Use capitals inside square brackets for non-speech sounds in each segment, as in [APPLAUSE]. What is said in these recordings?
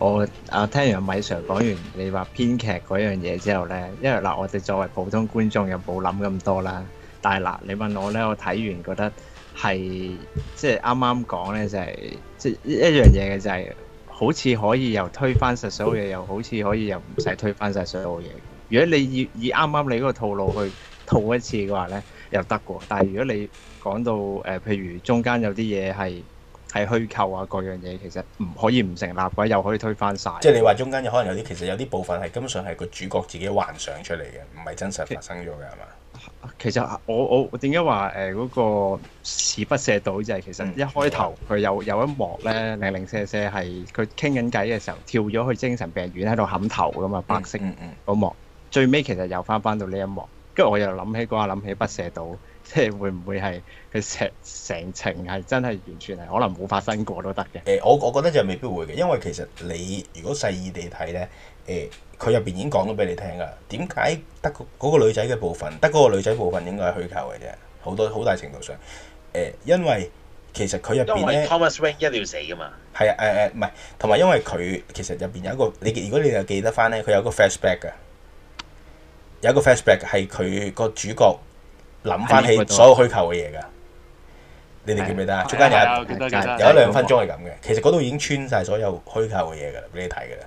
我啊，聽完米 Sir 講完你話編劇嗰樣嘢之後呢，因為嗱，我哋作為普通觀眾又冇諗咁多啦。但係嗱，你問我呢，我睇完覺得係即係啱啱講呢，就係即係一樣嘢嘅就係，好似可以又推翻晒所有嘢，又好似可以又唔使推翻晒所有嘢。如果你以以啱啱你嗰個套路去套一次嘅話呢。又得嘅，但係如果你講到誒、呃，譬如中間有啲嘢係係虛構啊，各樣嘢其實唔可以唔成立嘅話，又可以推翻晒。即係你話中間有可能有啲，其實有啲部分係根本上係個主角自己幻想出嚟嘅，唔係真實發生咗嘅，係嘛其？吧其實我我點解話誒嗰個似不射到就係、是、其實一開頭佢有有一幕咧零零舍舍係佢傾緊偈嘅時候跳咗去精神病院喺度冚頭㗎嘛白色嗰幕，嗯嗯、最尾其實又翻翻到呢一幕。跟住我又諗起嗰下，諗起不射到，即係會唔會係佢成成程係真係完全係可能冇發生過都得嘅？誒、欸，我我覺得就未必會嘅，因為其實你如果細意地睇咧，誒、欸，佢入邊已經講咗俾你聽㗎。點解得嗰個女仔嘅部分，得嗰個女仔部分應該係虛構嘅啫？好多好大程度上，誒、欸，因為其實佢入邊咧，Thomas Wayne 一定要死噶嘛。係啊，誒、啊、誒，唔、啊、係，同埋因為佢其實入邊有一個，你如果你又記得翻咧，佢有一個 flashback 嘅。有一個 flashback 係佢個主角諗翻起所有虛構嘅嘢噶，你哋記唔記得啊？中間有有一兩分鐘係咁嘅，其實嗰度已經穿晒所有虛構嘅嘢噶啦，俾你睇噶啦。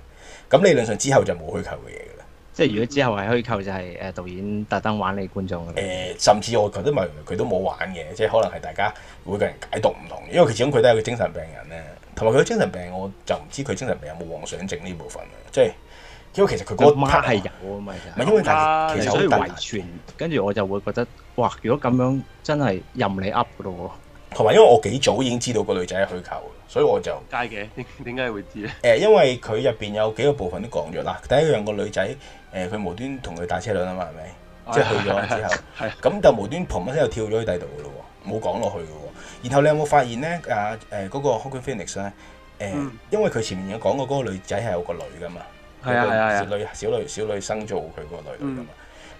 咁理論上之後就冇虛構嘅嘢噶啦。即係如果之後係虛構，就係誒導演特登玩你觀眾誒，甚至我覺得咪，佢都冇玩嘅，即係可能係大家每個人解讀唔同。因為佢始終佢都係個精神病人咧，同埋佢個精神病，我就唔知佢精神病有冇妄想症呢部分，即係。因為其實佢個 part 係有啊嘛，唔係因為其實所以遺傳，跟住我就會覺得哇！如果咁樣真係任你 up 噶咯，同埋因為我幾早已經知道個女仔嘅需求，所以我就街嘅點解會知咧？誒、欸，因為佢入邊有幾個部分都講咗啦。第一樣個女仔誒，佢、呃、無端同佢搭車啦嘛，係咪？哎、呀即係去咗之後，係咁、哎呀嗯、就無端嘭一聲又跳咗去第度噶咯，冇講落去噶。然後你有冇發現咧？啊誒，嗰、呃那個 Joaquin Phoenix 咧、呃，誒、嗯，因為佢前面有講過嗰個女仔係有個女噶嘛。係啊係啊，小女小女小女生做佢個女嚟噶嘛。嗯、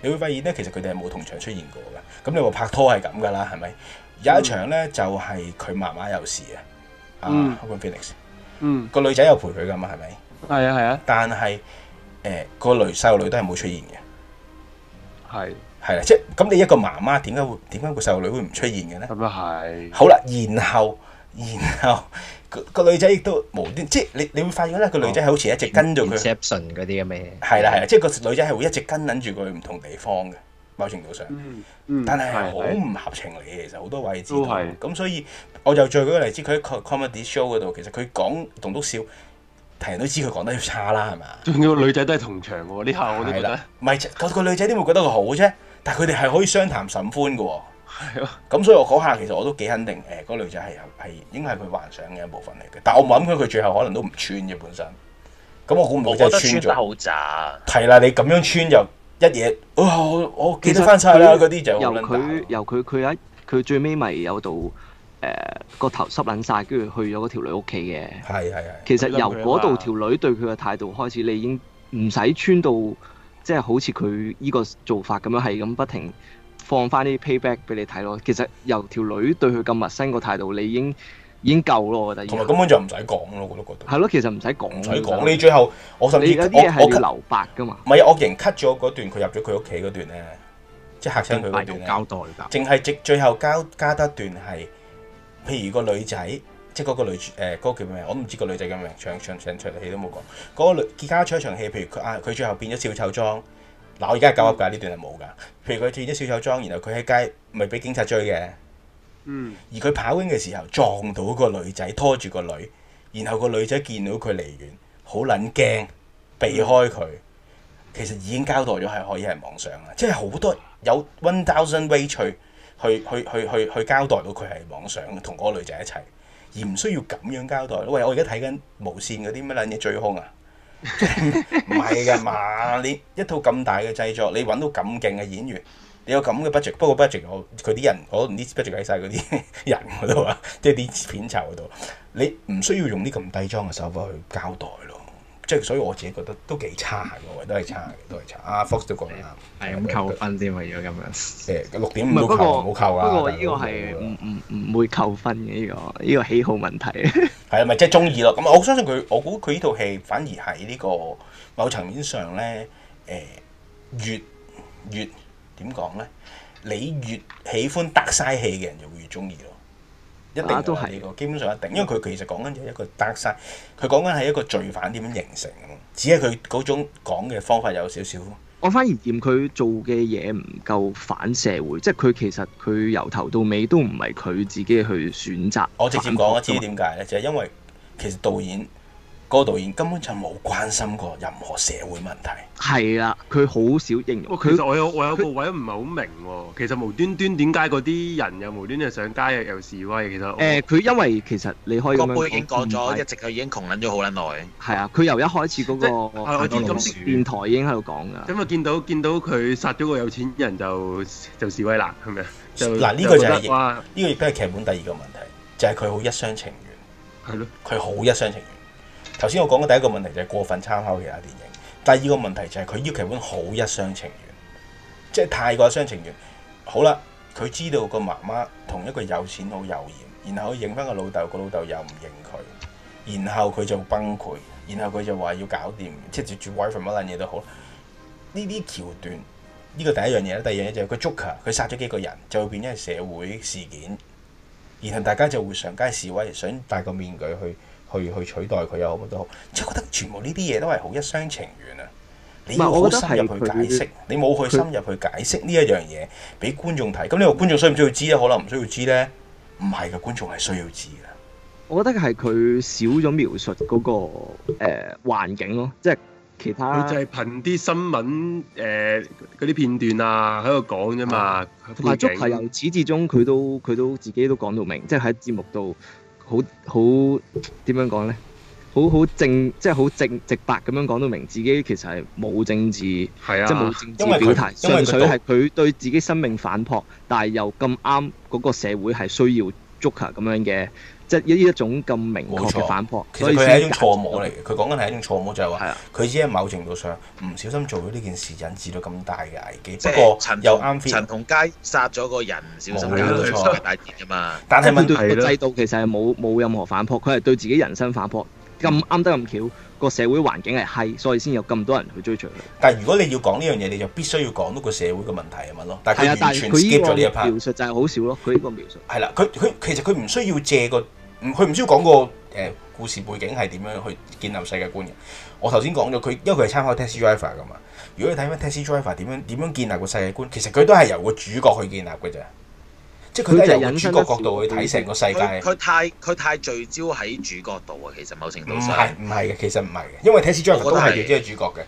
你會發現咧，其實佢哋係冇同場出現過嘅。咁你話拍拖係咁噶啦，係咪？有一場咧就係佢媽媽有事啊，啊，Open Phoenix、呃那個女仔又陪佢噶嘛，係咪？係啊係啊，但係誒個女細路女都係冇出現嘅，係係啊，即係咁你一個媽媽點解會點解個細路女會唔出現嘅咧？咁又係。好啦，然後然後。然後然後個女仔亦都無端，的即係你你會發現咧，個女仔係好似一直跟住佢。exception 嗰啲咁嘅嘢。係啦係啦，即係個女仔係會一直跟撚住佢唔同地方嘅，某程度上。嗯嗯。嗯，但係好唔合情理嘅，嗯、其實好多位置。咁是所以，我就再舉個例子，佢喺 comedy show 嗰度，其實佢講棟篤笑，大人都知佢講得要差啦，係嘛？仲要、哦、個女仔都係同場喎，呢下我都覺得。唔係個女仔點會覺得佢好啫，但係佢哋係可以相談甚歡嘅喎。咁所以我嗰下其實我都幾肯定，誒、欸，嗰、嗰個女仔係係應該係佢幻想嘅一部分嚟嘅。但係我諗佢，佢最後可能都唔穿嘅本身。咁我估唔到真係穿咗。係啦，你咁樣穿就一嘢。我、哦、我、哦哦、記得翻晒啦，啲就由佢由佢佢喺佢最尾咪有度誒個頭濕淋晒，跟住去咗嗰條女屋企嘅。係係係。其實由嗰度條女對佢嘅態度開始，你已經唔使穿到，即、就、係、是、好似佢依個做法咁樣，係咁不停。 [LAUGHS] 放翻啲 payback 俾你睇咯，其實由條女對佢咁陌生個態度，你已經已經夠咯。我覺得，同埋根本就唔使講咯，我都覺得。係咯，其實唔使講，唔使講。你最後我甚至我我留白㗎嘛？唔係，我仍然 cut 咗嗰段，佢入咗佢屋企嗰段咧，即係嚇親佢嗰段交代㗎。淨係直最後交加得一段係，譬如個女仔，即係嗰個女誒，嗰、呃嗰個、叫咩？我唔知個女仔嘅名，唱唱唱出嚟，戲都冇講。嗰、嗰個女結家出一場戲，譬如佢啊，佢最後變咗小丑裝。我而家係鳩噏㗎，呢、嗯、段係冇㗎。譬如佢穿咗小丑裝，然後佢喺街咪俾警察追嘅。嗯。而佢跑緊嘅時候撞到個女仔，拖住個女，然後個女仔見到佢離遠，好撚驚，避開佢。其實已經交代咗係可以係妄想啊，即係好多有 one thousand way to 去去去去去，去，去交代到佢係妄想，同嗰個女仔一齊，而唔需要咁樣交代。喂，我而家睇緊無線嗰啲乜撚嘢追兇啊！唔係噶嘛，你一套咁大嘅製作，你揾到咁勁嘅演員，你有咁嘅 budget，不過 budget 我佢啲人我唔知 budget 喺曬嗰啲人我都話，即係啲片酬嗰度，你唔需要用啲咁低莊嘅手法去交代咯。即係所以我自己覺得都幾差喎，都係差，都係差。阿、 [LAUGHS] 啊、Fox 都講啦，係咁、嗯嗯、扣分添，為咗咁樣，誒六點五都扣，唔好扣啊。不過呢扣過個係唔唔唔會扣分嘅，呢、呢個呢、呢個喜好問題。係 [LAUGHS] 啊，咪即係中意咯。咁我相信佢，我估佢呢套戲反而喺呢個某層面上咧，誒、呃、越越點講咧，你越喜歡得曬戲嘅人就會越中意咯。一定都係呢個，基本上一定，因為佢其實講緊一個 dark side，佢講緊係一個罪犯點樣形成，只係佢嗰種講嘅方法有少少。我反而嫌佢做嘅嘢唔夠反社會，即係佢其實佢由頭到尾都唔係佢自己去選擇。我直接講，知點解呢？就係因為其實導演。個導演根本就冇關心過任何社會問題。係啦，佢好少應用。其實我有我有個位唔係好明喎。其實無端端點解嗰啲人又無端端上街又示威？其實誒，佢因為其實你可以個背景講咗，一直就已經窮撚咗好撚耐。係啊，佢由一開始嗰個我知金電台已經喺度講㗎。咁啊，見到見到佢殺咗個有錢人就就示威啦，係咪？就嗱呢個就係呢個亦都係劇本第二個問題，就係佢好一廂情願。係咯，佢好一廂情願。頭先我講嘅第一個問題就係過分參考其他電影，第二個問題就係佢個劇本好一廂情願，即係太過一廂情願。好啦，佢知道個媽媽同一個有錢佬有染，然後認翻個老豆，個老豆又唔認佢，然後佢就崩潰，然後佢就話要搞掂，即係接住 WiFi 乜嘢都好。呢啲橋段，呢、這個第一樣嘢，第二樣嘢就係佢捉佢殺咗幾個人，就會變咗係社會事件，然後大家就會上街示威，想戴個面具去。去去取代佢又好乜都好，即係覺得全部呢啲嘢都係好一廂情願啊！你冇深入去解釋，他你冇去深入去解釋呢一樣嘢俾觀眾睇。咁呢個觀眾需唔需要知咧？可能唔需要知咧，唔係嘅，觀眾係需要知嘅。我覺得係佢少咗描述嗰、嗰個誒、呃、環境咯，即係其他。佢就係憑啲新聞誒嗰啲片段啊，喺度講啫嘛。但係竹係由始至終，佢都佢都自己都講到明，即係喺節目度。好好點樣講呢？好好正，即係好正直白咁樣講到明，自己其實係冇政治，啊、即係冇政治表態。純粹係佢對自己生命反撲，但係又咁啱嗰個社會係需要 Joker 咁樣嘅。即係一一種咁明確嘅反駁，其實佢係一種錯摸嚟嘅。佢講緊係一種錯摸，就係話佢只係某程度上唔小心做咗呢件事，引致到咁大嘅危機。不過陳又啱，陳同佳殺咗個人，小心都去上大殿㗎嘛。但係問題，制度其實係冇冇任何反駁，佢係對自己人生反駁。咁啱得咁巧，個社會環境係閪，所以先有咁多人去追隨佢。但係如果你要講呢樣嘢，你就必須要講到個社會嘅問題係咪咯？但係佢完全 skip 咗呢一 part 呢描述就係好少咯，佢呢個描述係啦，佢佢其實佢唔需要借個。佢唔知講過誒、呃、故事背景係點樣去建立世界觀嘅。我頭先講咗佢，因為佢係參考 Taxi Driver 㗎嘛。如果你睇《返 Taxi Driver》點樣點樣建立個世界觀，其實佢都係由個主角去建立嘅啫。即係佢都係由個主角角度去睇成個世界。佢太佢太聚焦喺主角度啊！其實某程度上唔係唔係嘅，其實唔係嘅，因為 Taxi Driver 都係自己嘅主角嘅。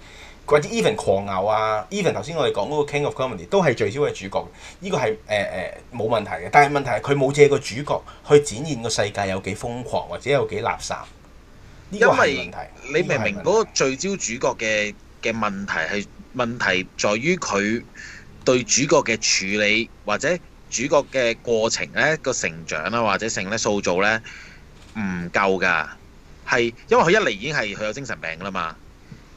或者 even 狂牛啊，even 頭先我哋講嗰個 King of Comedy 都係聚焦嘅主角，呢、這個係誒誒冇問題嘅。但係問題係佢冇借個主角去展現個世界有幾瘋狂或者有幾垃圾。這個、問題因為你明唔明嗰個聚焦主角嘅嘅問題係問題在於佢對主角嘅處理或者主角嘅過程咧個成長啊或者性咧塑造咧唔夠㗎，係，因為佢一嚟已經係佢有精神病啦嘛。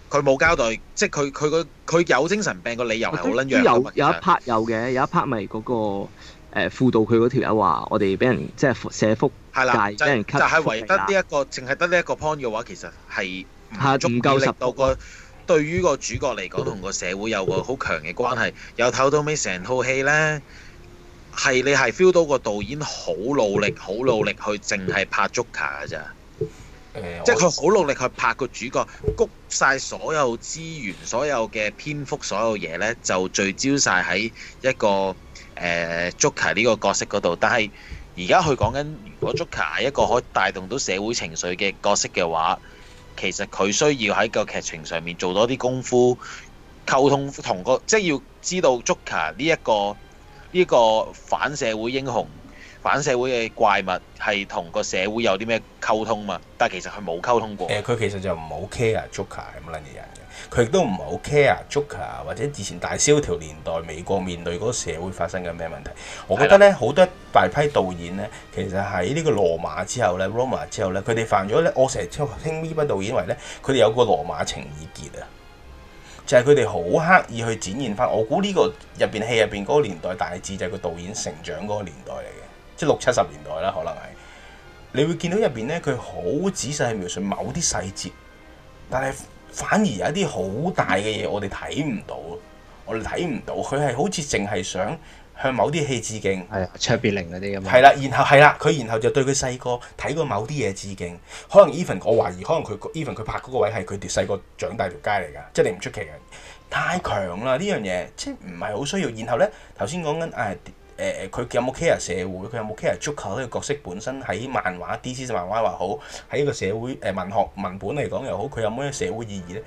佢冇交代，即係佢佢佢有精神病個理由係好撚弱。有實有一 part 有嘅，有一 part 咪嗰個誒、呃、輔導佢嗰條友話，我哋俾人即係社福界啦，的人、就是。就係、是、唯得呢、這、一個，淨係得呢一個 point 嘅話，其實係唔足夠力到個對於個主角嚟講同個社會有個好強嘅關係。由頭到尾成套戲咧，係你係 feel 到個導演好努力，好努力去淨係拍 Joker 㗎咋。即係佢好努力去拍個主角，谷晒所有資源、所有嘅篇幅、所有嘢咧，就聚焦晒喺一個誒，Joker 呢個角色嗰度。但係而家佢講緊，如果 Joker 係一個可以帶動到社會情緒嘅角色嘅話，其實佢需要喺個劇情上面做多啲功夫，溝通同，同個，即係要知道 Joker 呢一個呢、這個反社會英雄。反社會嘅怪物係同個社會有啲咩溝通嘛？但係其實佢冇溝通過。誒、呃，佢其實就唔好 care Joker 咁樣嘅人，佢亦都唔好 care Joker 或者之前大蕭條年代美國面對嗰社會發生緊咩問題。我覺得咧，好主持人多大批導演咧，其實喺呢個羅馬之後咧，Roman 之後咧，佢哋犯咗咧。我成日聽聽呢班導演話咧，佢哋有個羅馬情意結啊，就係佢哋好刻意去展現翻。我估呢個入邊戲入邊嗰個年代，大致就係個導演成長嗰個年代嚟嘅。即六七十年代啦，可能係你會見到入邊咧，佢好仔細描述某啲細節，但係反而有一啲好大嘅嘢，我哋睇唔到，我哋睇唔到，佢係好似淨係想向某啲戲致敬。係卓別靈嗰啲咁樣。係啦，然後係啦，佢然後就對佢細個睇過某啲嘢致敬。可能 even 我懷疑，可能佢 even 佢拍嗰個位係佢哋細個長大條街嚟㗎，即你唔出奇嘅。太強啦呢樣嘢，即係唔係好需要。然後咧，頭先講緊誒。啊誒佢、呃、有冇 care 社會？佢有冇 care 足球呢個角色本身喺漫畫 DC 漫畫又好，喺個社會誒、呃、文學文本嚟講又好，佢有冇咩社會意義咧？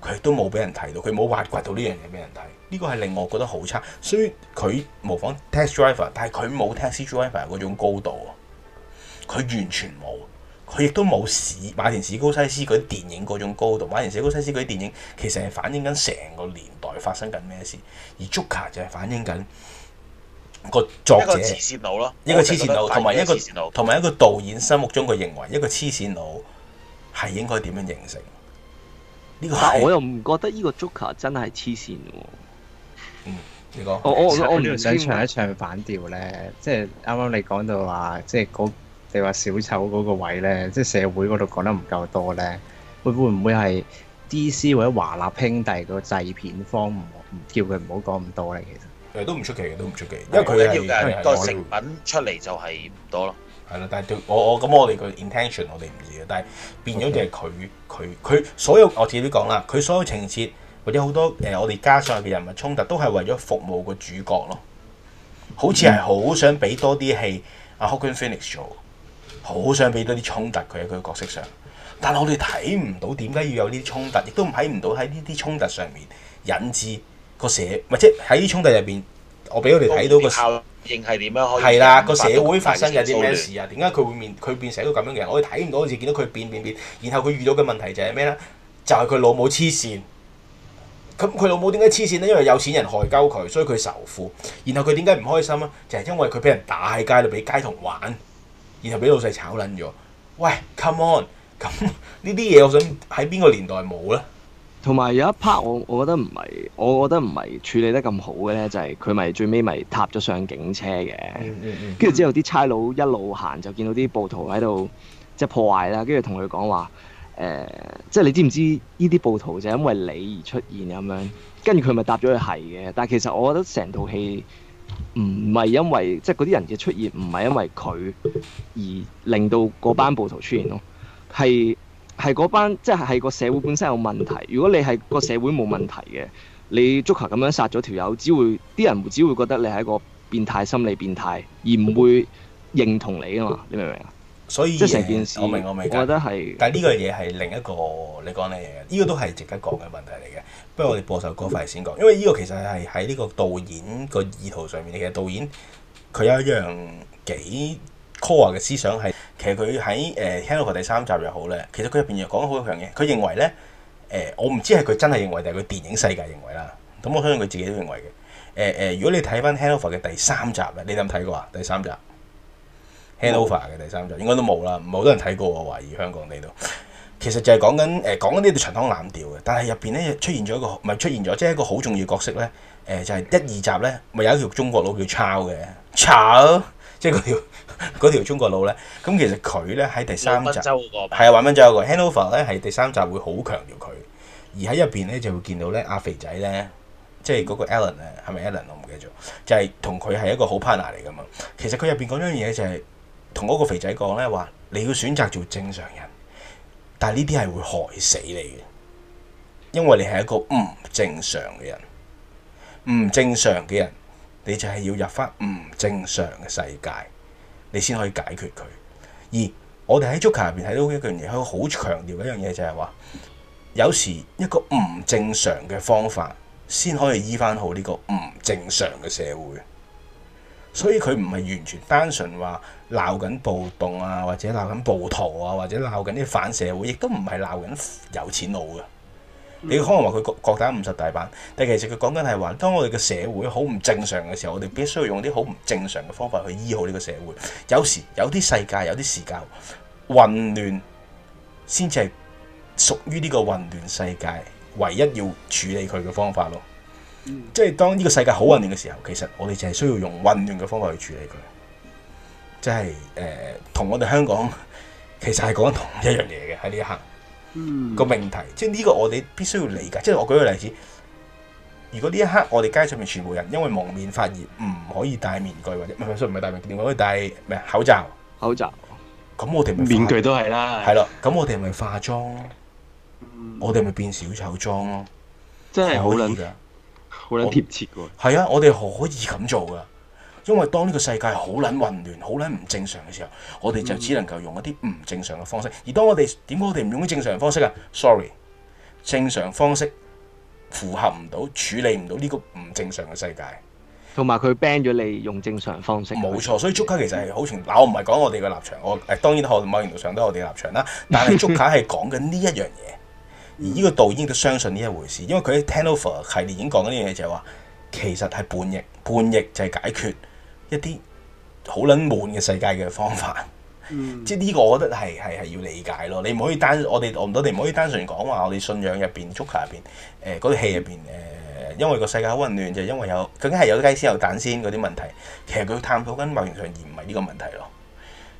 佢都冇俾人提到，佢冇挖掘到呢樣嘢俾人睇。呢個係令我覺得好差。所以佢模仿 Tax Driver，但係佢冇 Tax Driver 嗰種高度佢完全冇，佢亦都冇史馬田史高西斯嗰啲電影嗰種高度。馬田史高西斯嗰啲電影其實係反映緊成個年代發生緊咩事，而足球就係反映緊。個作者一個黐線佬咯，一個黐線佬，同埋一個同埋一個導演心目中佢認為一個黐線佬係應該點樣形成？呢個，但我又唔覺得呢個 Joker 真係黐線嘅。嗯，你講、哦、我、嗯、我、嗯、我唔不想唱一唱反調咧，即係啱啱你講到話，即、就、係、是、你話小丑嗰個位咧，即、就、係、是、社會嗰度講得唔夠多咧，會會唔會係 DC 或者華納兄弟個製片方唔唔叫佢唔好講咁多咧？其實。誒都唔出奇嘅，都唔出奇，因為佢嘅個成品出嚟就係唔多咯。係啦，但係我我咁我哋個 intention 我哋唔知嘅，但係變咗就係佢佢佢所有我自己都講啦，佢所有情節或者好多誒、呃、我哋加上嘅人物衝突都係為咗服務個主角咯。好似係好想俾多啲戲阿 Joaquin Phoenix 做，好想俾多啲衝突佢喺佢個角色上，但係我哋睇唔到點解要有呢啲衝突，亦都唔睇唔到喺呢啲衝突上面引致。個社，咪即係喺啲衝突入邊，我俾我哋睇到，個形係點樣？係啦、嗯，的個社會發生有啲咩事啊？點解佢會變？佢變成到咁樣嘅？我哋睇唔到，好似見到佢變變變，然後佢遇到嘅問題就係咩咧？就係、是、佢老母黐線。咁佢老母點解黐線咧？因為有錢人害鳩佢，所以佢仇富。然後佢點解唔開心啊？就係、是、因為佢俾人打喺街度俾街童玩，然後俾老細炒撚咗。喂，come on！咁呢啲嘢我想喺邊個年代冇咧？同埋有，有一 part 我我覺得唔係，我覺得唔係處理得咁好嘅咧，就係佢咪最尾咪搭咗上警車嘅，跟住之後啲差佬一路行就見到啲暴徒喺度即係破壞啦，跟住同佢講話誒，即係你知唔知呢啲暴徒就因為你而出現咁樣？跟住佢咪答咗佢係嘅。但係其實我覺得成套戲唔係因為即係嗰啲人嘅出現唔係因為佢而令到嗰班暴徒出現咯，係。係嗰班，即係係個社會本身有問題。如果你係個社會冇問題嘅，你足球咁樣殺咗條友，只會啲人只會覺得你係一個變態心理變態，而唔會認同你㗎嘛？你明唔明啊？所以即成件事，我明我明。我覺得係，但係呢個嘢係另一個你講嘅嘢，呢個都係值得講嘅問題嚟嘅。不如我哋播首歌翻嚟先講，因為呢個其實係喺呢個導演個意圖上面，其實導演佢有一樣幾。Core 嘅思想係，其實佢喺誒《Handover》第三集又好咧，其實佢入邊又講咗好多樣嘢。佢認為咧，誒、呃、我唔知係佢真係認為定係佢電影世界認為啦。咁、嗯、我相信佢自己都認為嘅。誒、呃、誒、呃，如果你睇翻《Handover》嘅第三集咧，你有冇睇過啊？第三集《Handover、嗯》嘅 Han 第三集應該都冇啦，唔係好多人睇過，我懷疑，香港地度，其實就係講緊誒講緊呢度陳腔濫調嘅，但係入邊咧出現咗一個，咪出現咗即係一個好、就是、重要角色咧。誒、呃、就係一二集咧，咪有一條中國佬叫抄嘅抄。即係嗰條嗰條中國路咧，咁其實佢咧喺第三集係啊，玩掹仔嗰個 handover 咧，係第三集會好強調佢，而喺入邊咧就會見到咧阿肥仔咧，即係嗰個 Allen 啊，係咪 Allen？我唔記得咗，就係同佢係一個好 partner 嚟噶嘛。其實佢入邊講咗樣嘢就係同嗰個肥仔講咧話，你要選擇做正常人，但係呢啲係會害死你嘅，因為你係一個唔正常嘅人，唔正常嘅人。你就係要入翻唔正常嘅世界，你先可以解決佢。而我哋喺 Joker 入邊睇到一樣嘢，佢好強調一樣嘢就係話，有時一個唔正常嘅方法，先可以醫翻好呢個唔正常嘅社會。所以佢唔係完全單純話鬧緊暴動啊，或者鬧緊暴徒啊，或者鬧緊啲反社會，亦都唔係鬧緊有錢佬嘅。你可能話佢各各打五十大板，但其實佢講緊係話，當我哋嘅社會好唔正常嘅時候，我哋必須要用啲好唔正常嘅方法去醫好呢個社會。有時有啲世界有啲時間混亂，先至係屬於呢個混亂世界唯一要處理佢嘅方法咯。即係當呢個世界好混亂嘅時候，其實我哋就係需要用混亂嘅方法去處理佢。即係誒，同、呃、我哋香港其實係講同一樣嘢嘅喺呢一刻。個、嗯、命題，即係呢個我哋必須要理解。即係我舉個例子，如果呢一刻我哋街上面全部人因為蒙面法而唔可以戴面具或者唔係所以唔係戴面具，點可以戴咩口罩，口罩，咁罩我哋面具都係啦。係咯，咁我哋咪化妝，嗯、我哋咪變小丑妝咯、嗯。真係好捻好捻貼切噶。係啊，我哋可以咁做噶。因為當呢個世界好捻混亂、好捻唔正常嘅時候，我哋就只能夠用一啲唔正常嘅方式。而當我哋點解我哋唔用啲正常方式啊？Sorry，正常方式符合唔到、處理唔到呢個唔正常嘅世界。同埋佢 ban 咗你用正常方式,方式。冇錯，所以 Joker 其實係好全。嗱，我唔係講我哋嘅立場，我誒當然我某程度上都係我哋嘅立場啦。但係 Joker 係講緊呢一樣嘢， [LAUGHS] 而呢個導演都相信呢一回事，因為佢喺 Tenova 系列已經講緊呢樣嘢，就係話其實係叛逆，叛逆就係解決。一啲好撚悶嘅世界嘅方法，嗯、即係呢個，我覺得係係係要理解咯。你唔可以單，我哋咁多，我哋唔可以單純講話我哋信仰入邊、足球入邊、誒、呃、嗰、嗰個戲入邊誒、呃，因為個世界好混亂，就係因為有究竟係有雞先有蛋先嗰啲問題。其實佢探討緊某樣嘢，而唔係呢個問題咯，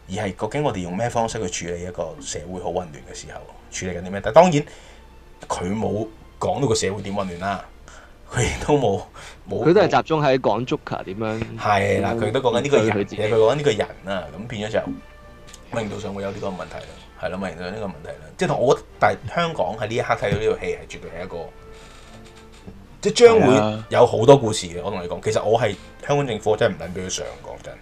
而係究竟我哋用咩方式去處理一個社會好混亂嘅時候，處理緊啲咩？但係當然佢冇講到個社會點混亂啦，佢亦都冇。佢都係集中喺講 Joker 點樣？係啦的，佢都講緊呢個人嘢。佢講呢個人啊，咁變咗就名度上會有呢個問題啦，係咯，名度上呢個問題啦。即係我覺得，但係香港喺呢一刻睇到呢套戲係絕對係一個，即係將會有好多故事嘅。我同你講，其實我係香港政府真係唔允許佢上，講真。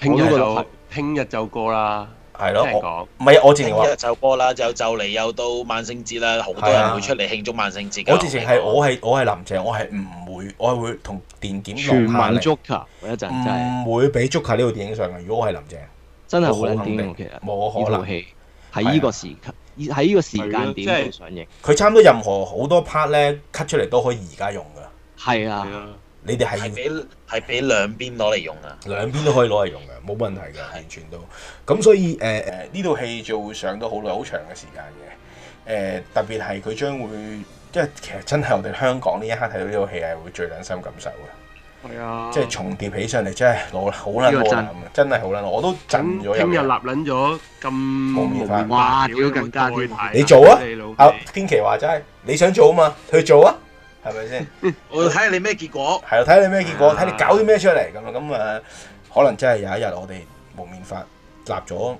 聽日就聽日就過啦。係咯，唔係我之前話就播啦，就就嚟又到萬聖節啦，好多人會出嚟慶祝萬聖節。我之前係我係我係林鄭，我係唔會，我係會同電檢鬧翻嚟。全民 Joker，一陣真係唔會俾 Joker 呢部電影上嘅。如果我係林鄭，真係好肯定，其實冇可能喺呢個時間，喺呢個時間點上映。佢差唔多任何好多 part 咧 cut 出嚟都可以而家用噶。係啊。你哋係係俾係俾兩邊攞嚟用啊！兩邊都可以攞嚟用嘅，冇問題嘅，係全都。咁所以誒誒，呢套戲就會上到好耐、好長嘅時間嘅。誒、呃、特別係佢將會，即係其實真係我哋香港呢一刻睇到呢套戲係會最撚心感受嘅。係啊，即係重疊起上嚟真係攞好撚攞真係好撚攞，我都震咗。今日立撚咗咁夢幻，哇！更加你做啊！阿、啊啊、堅奇話齋，你想做啊嘛，去做啊！係咪先？我要睇下你咩結果。係啊，睇下你咩結果，睇的你搞啲咩出嚟咁咁啊，可能真係有一日我哋蒙面法立咗，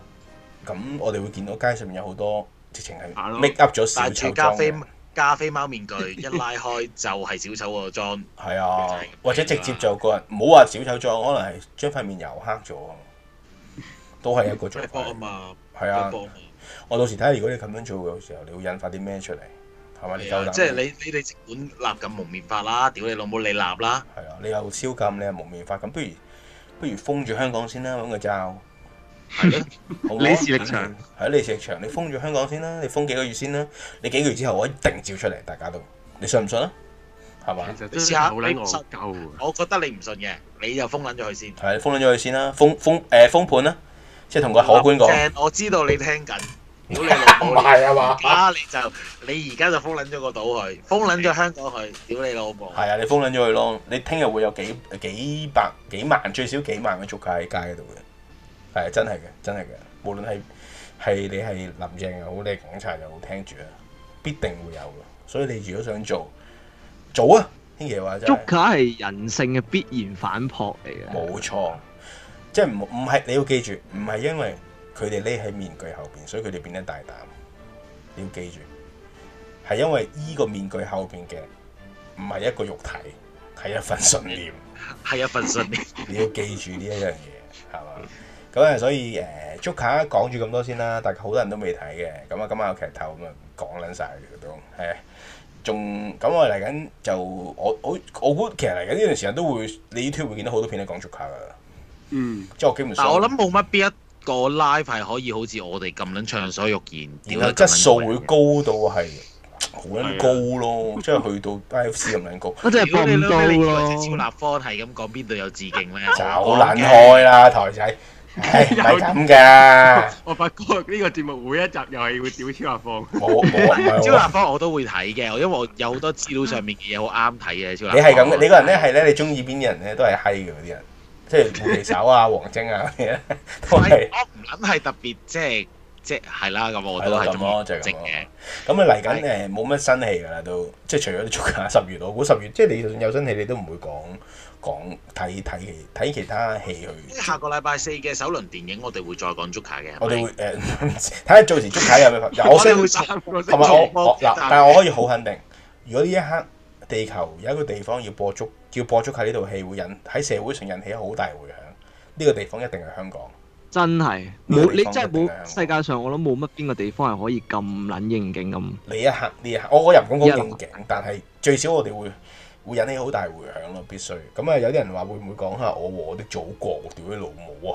咁我哋會見到街上面有好多，直情係 make up 咗小丑裝、加菲加菲貓面具一拉開就係小丑裝。係啊， [LAUGHS] 或者直接就個人，唔好話小丑裝，可能係將塊面油黑咗，都係一個狀況，啊嘛。係啊， [LAUGHS] 我到時睇下如果你咁樣做嘅時候，你會引發啲咩出嚟？係嘛？即係你、啊就是、你哋管立禁蒙面法啦，屌你老母你立啦！係啊，你又宵禁，你又蒙面法，咁不如不如封住香港先啦，咁嘅罩，係咯、 [LAUGHS] 嗯，你成場，係啊，你成場你封住香港先啦，你封幾個月先啦？你幾個月之後我一定照出嚟，大家都你信唔信啊？係嘛？試下我，我覺得你唔信嘅，你就封捻咗佢先。係、啊、封捻咗佢先啦，封封誒封盤啦、呃，即係同個口官講。我知道你聽緊。屌、 [LAUGHS] 啊、 [LAUGHS] 你唔係啊嘛？啊！你就你而家就封捻咗個島去，封捻咗香港去，屌你老母！係啊，你封捻咗佢咯。你聽日會有幾幾百幾萬最少幾萬嘅竹卡喺街度嘅，係真係嘅，真係嘅。無論係係你係林鄭又好，你係警察又好，聽住啊，必定會有嘅。所以你如果想做，做啊！聽日話，竹卡係人性嘅必然反撲嚟嘅，冇錯。即係唔唔係你要記住，唔係因為。佢哋匿喺面具後邊，所以佢哋變得大膽。你要記住，係因為依個面具後邊嘅唔係一個肉體，係一份信念，係 [LAUGHS] 一份信念。 [LAUGHS] 你要記住呢一樣嘢，係嘛？咁啊、嗯，所以誒，捉、呃、卡講住咁多先啦。大家好多人都未睇嘅。咁啊，今晚有劇透咁啊，講緊晒都係仲咁我嚟緊就我我我估，其實嚟緊呢段時間都會，你 YouTube 會見到好多片都講 Joker 噶嗯，即係我基本上。我諗冇乜必要。個 live 係可以好似我哋咁樣暢所欲言，而家質素會高到係好撚高咯，的即係去到 IFC 咁樣高，我真係高唔到咯。超立方係咁講，邊度有致敬咧？好難開啦， [LAUGHS] 台仔係咁㗎。我發覺呢個節目每一集又係會屌超立方。冇，超立方，我都會睇嘅，因為我有好多資料上面嘅嘢好啱睇嘅。超立方，你係咁， [LAUGHS] 你個人咧係咧，你中意邊啲人咧都係嗨嘅嗰啲人。即係護旗手啊、王晶啊嗰啲咧，我唔諗係特別，即係即係係啦咁，我都係中意嘅。咁啊嚟緊誒冇乜新戲噶啦，都即係除咗啲 Joker 十月，我估十月，即係你就算有新戲，你都唔會講講睇睇其睇其他戲去。下個禮拜四嘅首輪電影，我哋會再講 Joker 嘅。我哋會誒睇下，到時 Joker 有咩？我先，同埋我我嗱，但係我可以好肯定，如果呢一刻。地球有一個地方要播足，叫播足，喺呢套戲會引喺社會上引起好大迴響。呢個地方一定係香港。真係冇，你真係冇世界上，我諗冇乜邊個地方係可以咁撚應景咁。你一刻，你我我又唔講講應景，但係最少我哋會會引起好大迴響咯，必須。咁啊，有啲人話會唔會講下我和我的祖國？屌你老母啊！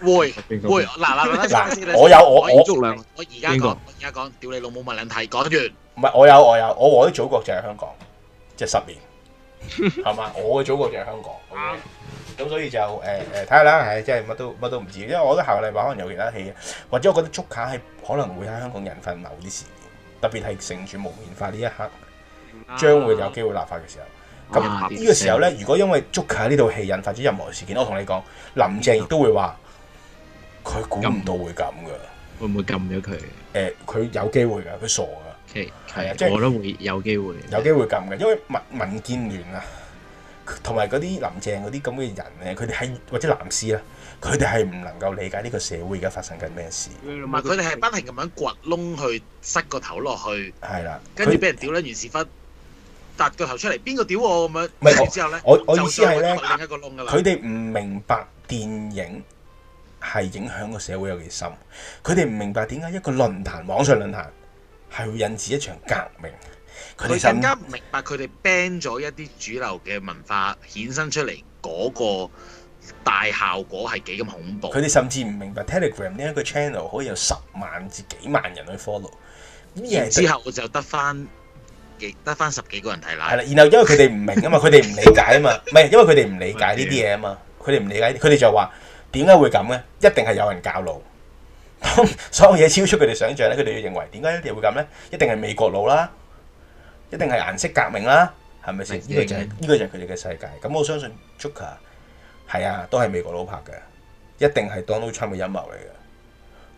會會嗱嗱嗱！我有我我足量，我而家講而家講，屌你老母問題，講完。唔係我有我有我和我的祖國就係香港。即係十年，係嘛？ [LAUGHS] 我嘅祖國就係香港，咁所以就誒誒睇下啦，係即係乜都乜都唔知，因為我覺得下個禮拜可能有其他戲，或者我覺得 Joker 係可能會喺香港引發某啲事件，特別係成全蒙面化呢一刻，將會有機會立法嘅時候。咁呢個時候咧，如果因為 Joker 呢套戲引發咗任何事件，我同你講，林鄭亦都會話，佢估唔到會咁噶，呃、會唔會禁咗佢？誒，佢有機會噶，佢傻噶。係啊，即係我都會有機會，有機會咁嘅，因為民民建聯啊，同埋嗰啲林鄭嗰啲咁嘅人咧，佢哋係或者藍絲啊，佢哋係唔能夠理解呢個社會而家發生緊咩事，唔係佢哋係不停咁樣掘窿去塞個頭落去，係啦，跟住俾人屌卵完屎忽，撻個頭出嚟，邊個屌我咁樣，之後咧，我我意思係咧，另一個窿噶啦，佢哋唔明白電影係影響個社會有幾深，佢哋唔明白點解一個論壇網上論壇。係會引致一場革命。佢哋更加唔明白佢哋 ban 咗一啲主流嘅文化衍生出嚟嗰個大效果係幾咁恐怖。佢哋甚至唔明白 Telegram 呢一個 channel 可以有十萬至幾萬人去 follow。咁然之後我就得翻幾得翻十幾個人睇啦。係啦，然後因為佢哋唔明啊嘛，佢哋唔理解啊嘛，唔係因為佢哋唔理解呢啲嘢啊嘛，佢哋唔理解，佢哋就話點解會咁咧？一定係有人教路。 [LAUGHS] 所有嘢超出佢哋想象咧，佢哋要認為點解一定會咁咧？一定係美國佬啦，一定係顏色革命啦，係咪先？呢 [MUSIC] 個就係呢個就係佢哋嘅世界。咁我相信 Joker 係啊，都係美國佬拍嘅，一定係 Donald Trump 嘅陰謀嚟嘅。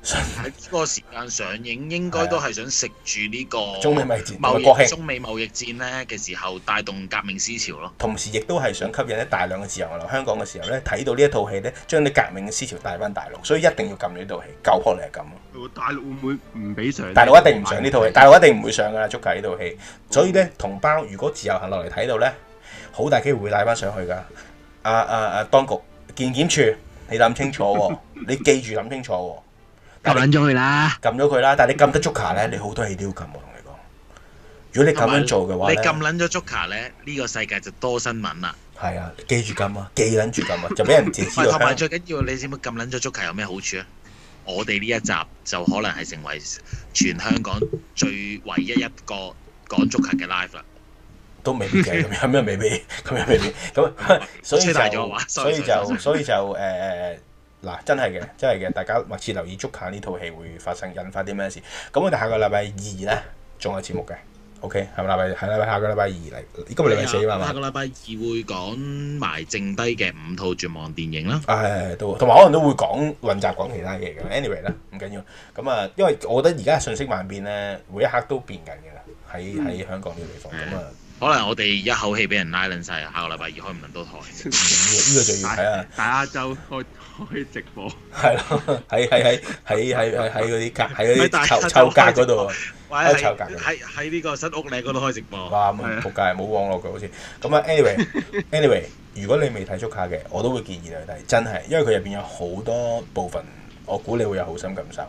喺呢個時間上映， [LAUGHS] [LAUGHS] 應該都係想食住呢個貿中美貿易戰、中美貿易戰咧嘅時候，帶動革命思潮咯。 [LAUGHS] 同時亦都係想吸引一大量嘅自由行嚟香港嘅時候呢，睇到呢一套戲呢，將啲革命嘅思潮帶翻大陸，所以一定要撳呢套戲，救坡嚟係咁。 [LAUGHS] 大陸會唔會唔俾上？大陸一定唔上呢套戲， [LAUGHS] 大陸一定唔會上噶啦，足球呢套戲。所以呢同胞如果自由行落嚟睇到呢，好大機會會帶翻上去噶。啊啊，阿、啊、當局、鑒檢處，你諗清楚， [LAUGHS] 你記住諗清楚。撳捻咗佢啦，撳咗佢啦。但係你撳得 Joker 咧，你好多嘢都要撳。我同你講，如果你咁樣做嘅話咧，你撳捻咗 Joker 咧，呢個世界就多新聞啦。係啊，記住撳啊，記捻住撳啊，就俾人哋知道。同埋最緊要，你知唔知撳捻咗 Joker 有咩好處啊？我哋呢一集就可能係成為全香港最唯一一個講 Joker 嘅 live 啦。都未必嘅，咁樣未必，咁樣未必，咁所以就所以就所以就誒誒。嗱，真係嘅，真係嘅，大家密切留意捉下呢套戲會發生引發啲咩事。咁我哋下個禮拜二咧，仲有節目嘅，OK？係咪禮拜係咪下個禮拜二嚟？今個禮拜四啊嘛。係嘅，係嘅，下個禮拜二會講埋剩低嘅五套絕望電影啦。啊，係係係，都同埋可能都會講混雜講其他嘢嘅。anyway 啦，唔緊要。咁啊，因為我覺得而家信息萬變咧，每一刻都變緊嘅啦。喺喺香港呢個地方，咁啊。可能我哋一口氣俾人拉撚曬，下個禮拜二開唔到台，呢個就要睇下，大亞洲開開直播，係咯，喺喺喺喺喺喺嗰啲隔喺啲抽抽格嗰度啊，抽格，喺喺呢個新屋咧嗰度開直播，哇！冇隔界，冇網絡嘅好似。咁啊，anyway，anyway，如果你未睇足卡嘅，我都會建議你去睇，真係，因為佢入邊有好多部分，我估你會有好深感受。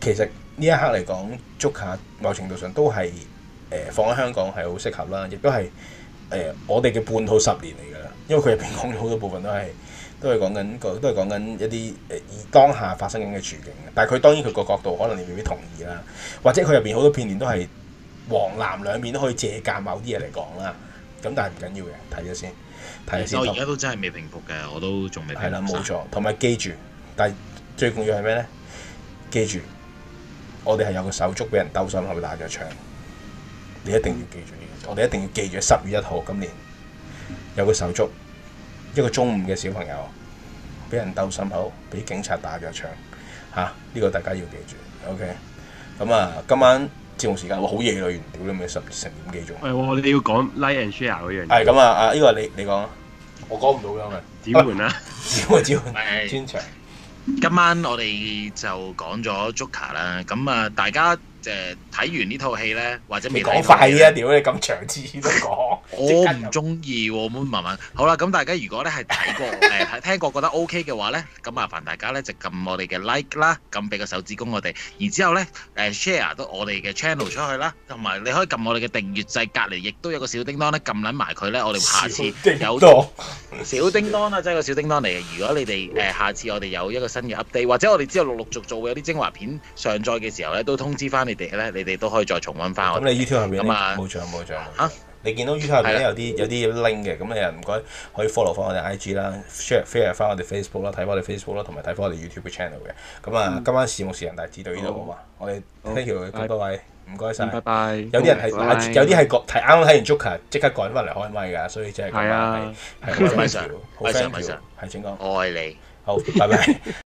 其實呢一刻嚟講，足卡某程度上都係。誒放喺香港係好適合啦，亦都係誒、呃、我哋嘅半套十年嚟㗎啦。因為佢入邊講咗好多部分都係都係講緊個都係講緊一啲以、呃、當下發生緊嘅處境嘅。但係佢當然佢個角度可能你未必同意啦，或者佢入邊好多片段都係黃藍兩面都可以借鑑某啲嘢嚟講啦。咁但係唔緊要嘅，睇咗先看看，睇咗先。我而家都真係未平復嘅，我都仲未。係啦，冇錯，同埋記住，但係最重要係咩咧？記住，我哋係有個手足俾人兜上心口打咗槍。你一定要記住呢個，我哋一定要記住十月一號今年有個手足一個中午嘅小朋友俾人鬥心口，俾警察打咗一槍呢、啊這個大家要記住。OK，咁、嗯、啊，今晚節目時間哇好夜啦，完屌你咪十成點幾鐘？係喎、哎嗯嗯啊這個，你哋要講 l i n share 嗰樣嘢。係咁、嗯、啊，啊呢個你你講，我講唔到㗎嘛，點換啦？點啊點換？穿牆。今晚我哋就講咗 Joker 啦，咁啊大家。即係睇完呢套戲咧，或者未講快啲一屌你咁長次都講，我唔中意喎。咁慢慢，好啦，咁、呃、大家如果咧係睇過誒、 [LAUGHS] 呃、聽過覺得 OK 嘅話咧，咁麻煩大家咧就撳我哋嘅 like 啦，撳俾個手指公我哋，然之後咧誒、呃、share 到我哋嘅 channel 出去啦，同埋 [LAUGHS] 你可以撳我哋嘅訂閱掣，隔離亦都有個小叮噹咧撳撚埋佢咧，我哋下次有多小叮噹啊！即係個小叮噹嚟嘅。 [LAUGHS] 如果你哋誒、呃、下次我哋有一個新嘅 update，或者我哋之後陸陸續續會有啲精華片上載嘅時候咧，都通知翻你。你哋咧，你哋都可以再重溫翻。咁你 YouTube 上面啊嘛，冇錯冇錯。嚇，你見到 YouTube 上面有啲有啲 link 嘅，咁你又唔該可以 follow 翻我哋 IG 啦，share share 翻我哋 Facebook 啦，睇翻我哋 Facebook 啦，同埋睇翻我哋 YouTube channel 嘅。咁啊，今晚事務時間大致到呢度好嘛？我哋 thank you 咁多位，唔該晒。拜拜。有啲人係有啲係個睇啱啱睇完 Joker，即刻趕翻嚟開麥噶，所以即係咁啊。係 Michael 好 Michael 係請講。愛你，好，拜拜。